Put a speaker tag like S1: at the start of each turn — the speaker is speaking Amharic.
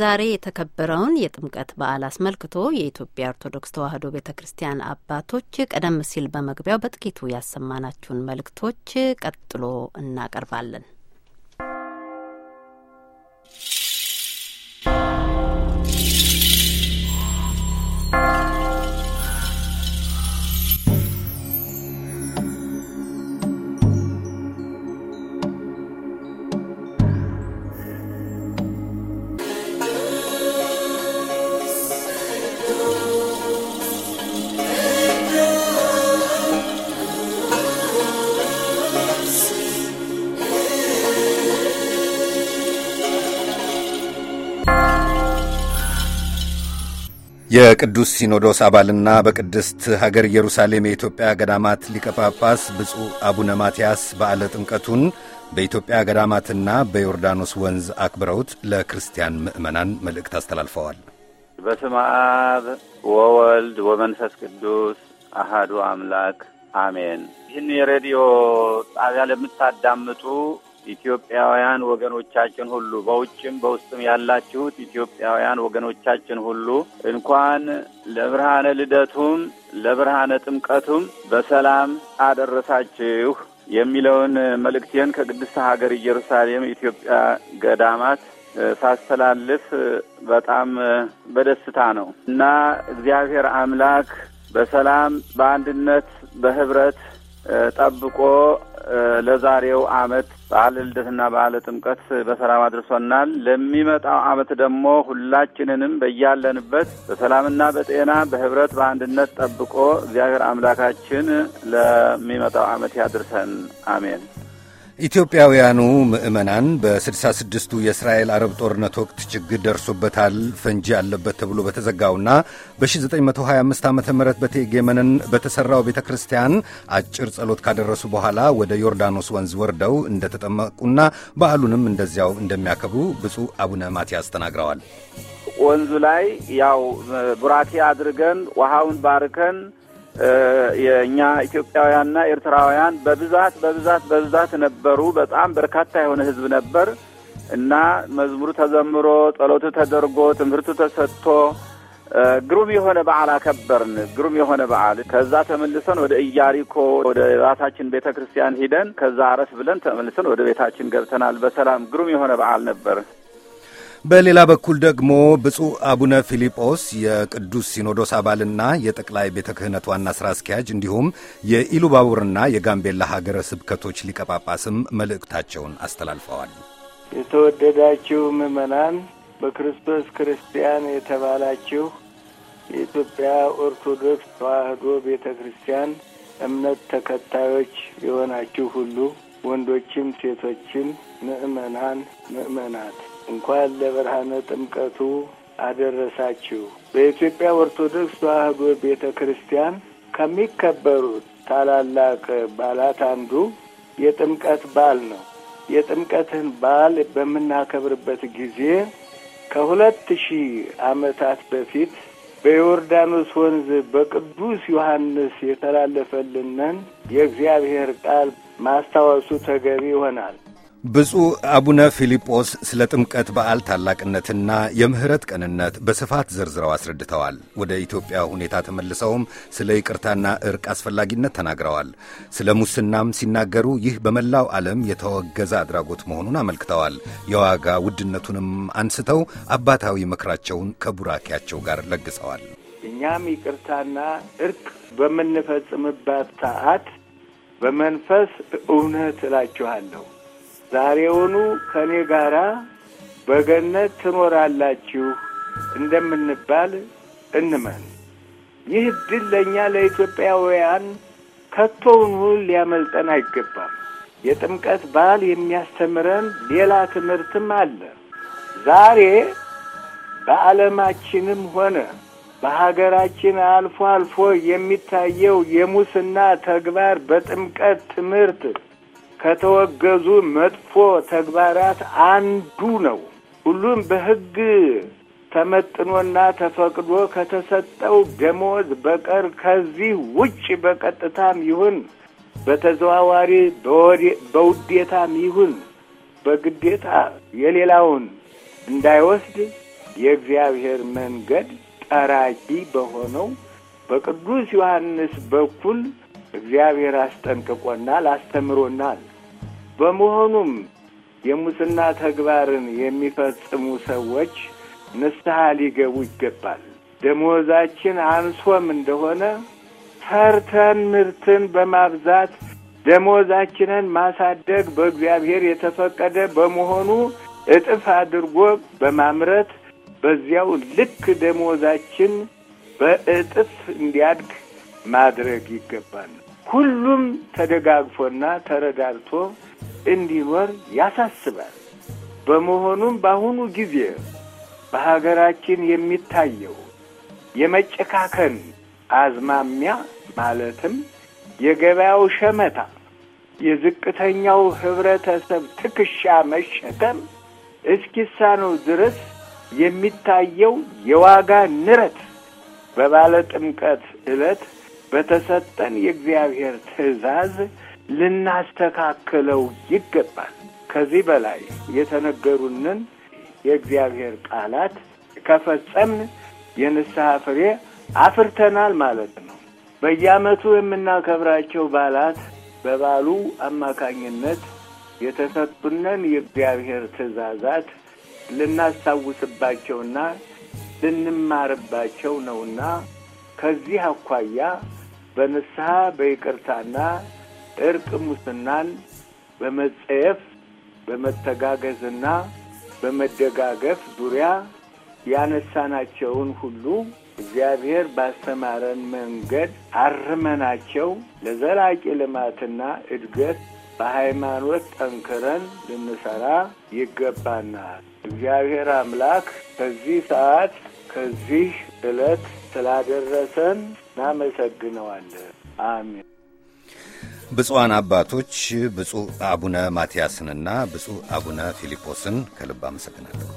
S1: ዛሬ የተከበረውን የጥምቀት በዓል አስመልክቶ የኢትዮጵያ ኦርቶዶክስ ተዋሕዶ ቤተ ክርስቲያን አባቶች ቀደም ሲል በመግቢያው በጥቂቱ ያሰማናችሁን መልእክቶች ቀጥሎ እናቀርባለን። የቅዱስ ሲኖዶስ አባልና በቅድስት ሀገር ኢየሩሳሌም የኢትዮጵያ ገዳማት ሊቀ ጳጳስ ብፁዕ አቡነ ማትያስ በዓለ ጥምቀቱን በኢትዮጵያ ገዳማትና በዮርዳኖስ ወንዝ አክብረውት ለክርስቲያን ምዕመናን መልእክት አስተላልፈዋል።
S2: በስመ አብ ወወልድ ወመንፈስ ቅዱስ አሃዱ አምላክ አሜን። ይህን የሬዲዮ ጣቢያ ለምታዳምጡ ኢትዮጵያውያን ወገኖቻችን ሁሉ በውጭም በውስጥም ያላችሁት ኢትዮጵያውያን ወገኖቻችን ሁሉ እንኳን ለብርሃነ ልደቱም ለብርሃነ ጥምቀቱም በሰላም አደረሳችሁ የሚለውን መልእክቴን ከቅድስት ሀገር ኢየሩሳሌም ኢትዮጵያ ገዳማት ሳስተላልፍ በጣም በደስታ ነው እና እግዚአብሔር አምላክ በሰላም በአንድነት በህብረት ጠብቆ ለዛሬው አመት በዓለ ልደትና በዓለ ጥምቀት በሰላም አድርሶናል። ለሚመጣው አመት ደግሞ ሁላችንንም በያለንበት በሰላምና በጤና በህብረት በአንድነት ጠብቆ እግዚአብሔር አምላካችን ለሚመጣው አመት ያድርሰን። አሜን።
S1: ኢትዮጵያውያኑ ምዕመናን በስድሳ ስድስቱ የእስራኤል አረብ ጦርነት ወቅት ችግር ደርሶበታል ፈንጂ አለበት ተብሎ በተዘጋውና በ1925 ዓ ም በቴጌመንን በተሠራው ቤተ ክርስቲያን አጭር ጸሎት ካደረሱ በኋላ ወደ ዮርዳኖስ ወንዝ ወርደው እንደተጠመቁና በዓሉንም እንደዚያው እንደሚያከብሩ ብፁዕ አቡነ ማትያስ ተናግረዋል። ወንዙ
S2: ላይ ያው ቡራኬ አድርገን ውሃውን ባርከን የእኛ ኢትዮጵያውያንና ኤርትራውያን በብዛት በብዛት በብዛት ነበሩ። በጣም በርካታ የሆነ ህዝብ ነበር እና መዝሙሩ ተዘምሮ ጸሎቱ ተደርጎ ትምህርቱ ተሰጥቶ ግሩም የሆነ በዓል አከበርን። ግሩም የሆነ በዓል። ከዛ ተመልሰን ወደ ኢያሪኮ ወደ ራሳችን ቤተ ክርስቲያን ሂደን ከዛ አረፍ ብለን ተመልሰን ወደ ቤታችን ገብተናል በሰላም ግሩም የሆነ በዓል ነበር።
S1: በሌላ በኩል ደግሞ ብፁዕ አቡነ ፊልጶስ የቅዱስ ሲኖዶስ አባልና የጠቅላይ ቤተ ክህነት ዋና ስራ አስኪያጅ እንዲሁም የኢሉባቡርና የጋምቤላ ሀገረ ስብከቶች ሊቀጳጳስም መልእክታቸውን አስተላልፈዋል።
S3: የተወደዳችሁ ምዕመናን፣ በክርስቶስ ክርስቲያን የተባላችሁ የኢትዮጵያ ኦርቶዶክስ ተዋህዶ ቤተ ክርስቲያን እምነት ተከታዮች የሆናችሁ ሁሉ ወንዶችም ሴቶችም ምእመናን ምእመናት እንኳን ለብርሃነ ጥምቀቱ አደረሳችሁ። በኢትዮጵያ ኦርቶዶክስ ተዋሕዶ ቤተ ክርስቲያን ከሚከበሩት ታላላቅ በዓላት አንዱ የጥምቀት በዓል ነው። የጥምቀትን በዓል በምናከብርበት ጊዜ ከሁለት ሺህ ዓመታት በፊት በዮርዳኖስ ወንዝ በቅዱስ ዮሐንስ የተላለፈልንን የእግዚአብሔር ቃል ማስታወሱ ተገቢ ይሆናል።
S1: ብፁዕ አቡነ ፊልጶስ ስለ ጥምቀት በዓል ታላቅነትና የምሕረት ቀንነት በስፋት ዘርዝረው አስረድተዋል። ወደ ኢትዮጵያ ሁኔታ ተመልሰውም ስለ ይቅርታና ዕርቅ አስፈላጊነት ተናግረዋል። ስለ ሙስናም ሲናገሩ ይህ በመላው ዓለም የተወገዘ አድራጎት መሆኑን አመልክተዋል። የዋጋ ውድነቱንም አንስተው አባታዊ ምክራቸውን ከቡራኪያቸው ጋር ለግሰዋል።
S3: እኛም ይቅርታና ዕርቅ በምንፈጽምበት ሰዓት በመንፈስ እውነት እላችኋለሁ ዛሬውኑ ከእኔ ጋራ በገነት ትኖራላችሁ እንደምንባል እንመን። ይህ እድል ለእኛ ለኢትዮጵያውያን ከቶውኑ ሊያመልጠን አይገባም። የጥምቀት በዓል የሚያስተምረን ሌላ ትምህርትም አለ። ዛሬ በዓለማችንም ሆነ በሀገራችን አልፎ አልፎ የሚታየው የሙስና ተግባር በጥምቀት ትምህርት ከተወገዙ መጥፎ ተግባራት አንዱ ነው። ሁሉም በሕግ ተመጥኖና ተፈቅዶ ከተሰጠው ደሞዝ በቀር ከዚህ ውጭ በቀጥታም ይሁን በተዘዋዋሪ በውዴታም ይሁን በግዴታ የሌላውን እንዳይወስድ የእግዚአብሔር መንገድ ጠራጊ በሆነው በቅዱስ ዮሐንስ በኩል እግዚአብሔር አስጠንቅቆናል፣ አስተምሮናል። በመሆኑም የሙስና ተግባርን የሚፈጽሙ ሰዎች ንስሐ ሊገቡ ይገባል። ደሞዛችን አንሶም እንደሆነ ሰርተን ምርትን በማብዛት ደሞዛችንን ማሳደግ በእግዚአብሔር የተፈቀደ በመሆኑ እጥፍ አድርጎ በማምረት በዚያው ልክ ደሞዛችን በእጥፍ እንዲያድግ ማድረግ ይገባል። ሁሉም ተደጋግፎና ተረዳድቶ እንዲኖር ያሳስባል። በመሆኑም በአሁኑ ጊዜ በሀገራችን የሚታየው የመጨካከን አዝማሚያ ማለትም የገበያው ሸመታ፣ የዝቅተኛው ህብረተሰብ ትከሻ መሸከም እስኪሳነው ድረስ የሚታየው የዋጋ ንረት በባለ ጥምቀት ዕለት በተሰጠን የእግዚአብሔር ትእዛዝ ልናስተካክለው ይገባል። ከዚህ በላይ የተነገሩንን የእግዚአብሔር ቃላት ከፈጸምን የንስሐ ፍሬ አፍርተናል ማለት ነው። በየዓመቱ የምናከብራቸው በዓላት በበዓሉ አማካኝነት የተሰጡንን የእግዚአብሔር ትእዛዛት ልናስታውስባቸውና ልንማርባቸው ነውና ከዚህ አኳያ በንስሐ በይቅርታና እርቅ ሙስናን በመጸየፍ በመተጋገዝና በመደጋገፍ ዙሪያ ያነሳናቸውን ሁሉ እግዚአብሔር ባስተማረን መንገድ አርመናቸው ለዘላቂ ልማትና እድገት በሃይማኖት ጠንክረን ልንሰራ ይገባናል። እግዚአብሔር አምላክ ከዚህ ሰዓት ከዚህ ዕለት ስላደረሰን እናመሰግነዋለን። አሜን።
S1: ብፁዓን አባቶች ብፁዕ አቡነ ማትያስንና ብፁዕ አቡነ ፊልጶስን ከልብ አመሰግናለሁ።